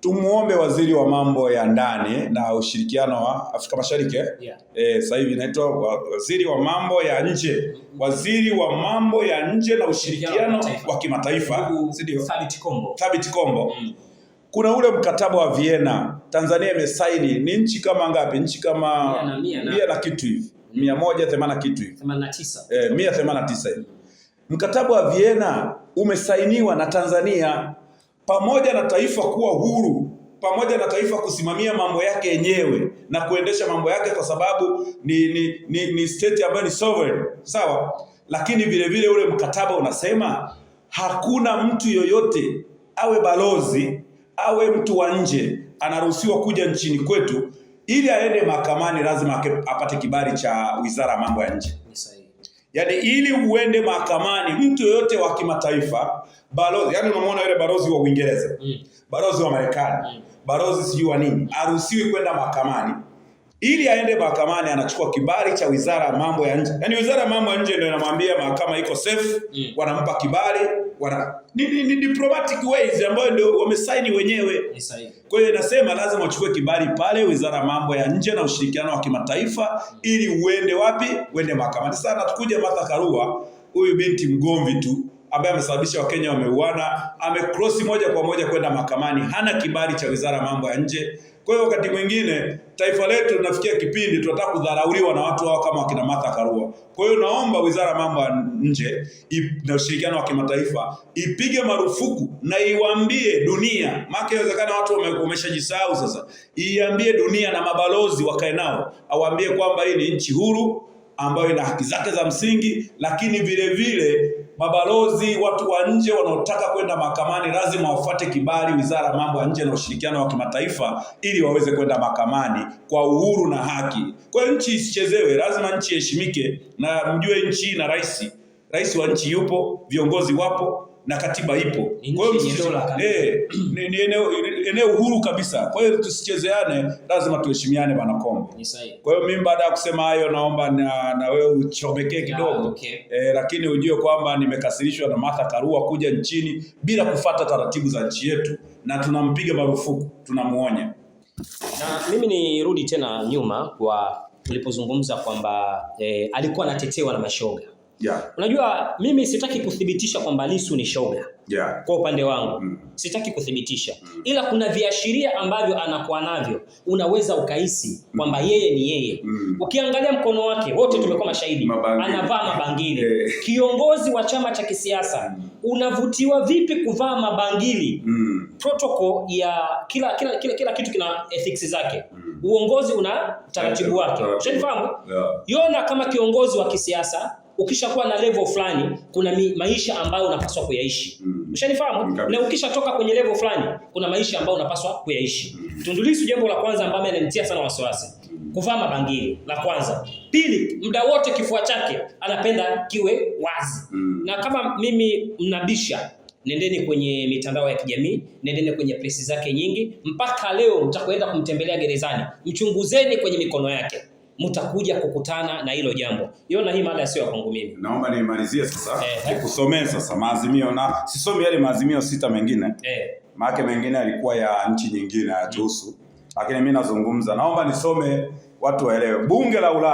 Tumuombe waziri wa mambo ya ndani na ushirikiano wa Afrika Mashariki yeah. E, sasa hivi inaitwa waziri wa mambo ya nje, waziri wa mambo ya nje na ushirikiano wa kimataifa, ndio? Thabit Kombo, Thabit Kombo. Mm. Kuna ule mkataba wa Vienna, Tanzania imesaini, ni nchi kama ngapi? Nchi kama mia na, kitu hivi mia moja themanini kitu hivi eh, mia themanini na tisa hivi. Mkataba wa Vienna umesainiwa na Tanzania pamoja na taifa kuwa huru, pamoja na taifa kusimamia mambo yake yenyewe na kuendesha mambo yake, kwa sababu ni ni, ni, ni state ambayo ni sovereign, sawa. Lakini vile vile ule mkataba unasema hakuna mtu yoyote awe balozi awe mtu wa nje anaruhusiwa kuja nchini kwetu, ili aende mahakamani lazima apate kibali cha wizara ya mambo ya nje. Yaani ili uende mahakamani mtu yoyote wa kimataifa, balozi, yani unamwona yule balozi wa Uingereza mm. balozi wa Marekani mm. balozi sijui wa nini, aruhusiwi kwenda mahakamani. Ili aende mahakamani anachukua kibali cha wizara ya mambo ya nje, yaani wizara ya mambo ya nje ndio inamwambia mahakama iko safe mm. wanampa kibali ni, ni, ni diplomatic ways ambayo ndio wamesaini wenyewe. Kwa hiyo inasema lazima wachukue kibali pale Wizara ya Mambo ya Nje na Ushirikiano wa Kimataifa ili uende wapi? Uende mahakamani. Sasa tukuja Martha Karua, huyu binti mgomvi tu ambaye amesababisha Wakenya wameuana, amekrosi moja kwa moja kwenda mahakamani, hana kibali cha Wizara ya Mambo ya Nje kwa hiyo wakati mwingine taifa letu linafikia kipindi tunataka kudharauliwa na watu hao kama wakina Martha Karua. Kwa hiyo naomba Wizara ya Mambo ya Nje na ushirikiano wa kimataifa ipige marufuku na iwaambie dunia, maana inawezekana watu wameshajisahau sasa. Iambie dunia na mabalozi wakae nao, awaambie kwamba hii ni nchi huru ambayo ina haki zake za msingi, lakini vile vile mabalozi, watu wa nje wanaotaka kwenda mahakamani lazima wafuate kibali Wizara ya Mambo ya Nje na Ushirikiano wa Kimataifa ili waweze kwenda mahakamani kwa uhuru na haki. Kwa hiyo nchi isichezewe, lazima nchi iheshimike, na mjue nchi na rais, rais wa nchi yupo, viongozi wapo na katiba ipo. Kwa hiyo eh, ni, ni eneo eneo huru kabisa. Kwa hiyo tusichezeane, lazima tuheshimiane bana Kombe. Kwa hiyo mimi baada ya kusema hayo, naomba na, na wewe uchomekee kidogo okay. Eh, lakini ujue kwamba nimekasirishwa na Martha Karua kuja nchini bila kufata taratibu za nchi yetu, na tunampiga marufuku, tunamuonya. Na mimi nirudi tena nyuma kwa ulipozungumza kwamba eh, alikuwa anatetewa na mashoga Yeah. Unajua mimi sitaki kuthibitisha kwamba Lissu ni shoga. Yeah. Kwa upande wangu mm. sitaki kuthibitisha mm. ila kuna viashiria ambavyo anakuwa navyo unaweza ukahisi mm. kwamba yeye ni yeye mm. ukiangalia mkono wake wote tumekuwa mashahidi Anavaa mabangili eh. kiongozi wa chama cha kisiasa mm. unavutiwa vipi kuvaa mabangili mm. protocol ya kila kila kila, kila kitu kina ethics zake mm. uongozi una taratibu eh, wake yeah. Yeah. Yona kama kiongozi wa kisiasa ukishakuwa na level fulani, kuna maisha ambayo unapaswa kuyaishi mm. Ushanifahamu mm. Na ukishatoka kwenye level fulani, kuna maisha ambayo unapaswa kuyaishi mm. Tundu Lissu, jambo la kwanza ambalo amenitia sana wasiwasi, mm. kuvaa mabangili, la kwanza. Pili, muda wote kifua chake anapenda kiwe wazi mm. Na kama mimi mnabisha Nendeni kwenye mitandao ya kijamii, nendeni kwenye presi zake nyingi. Mpaka leo mtakwenda kumtembelea gerezani, mchunguzeni kwenye mikono yake mtakuja kukutana na hilo jambo. na hii mada sio kwangu mimi. Naomba nimalizie sasa. Eh, nikusomee sasa maazimio na sisomi yale maazimio sita mengine. Eh. Maana mengine alikuwa ya nchi nyingine hayatuhusu. Mm. Lakini mimi nazungumza. Naomba nisome watu waelewe. Bunge la Ulaya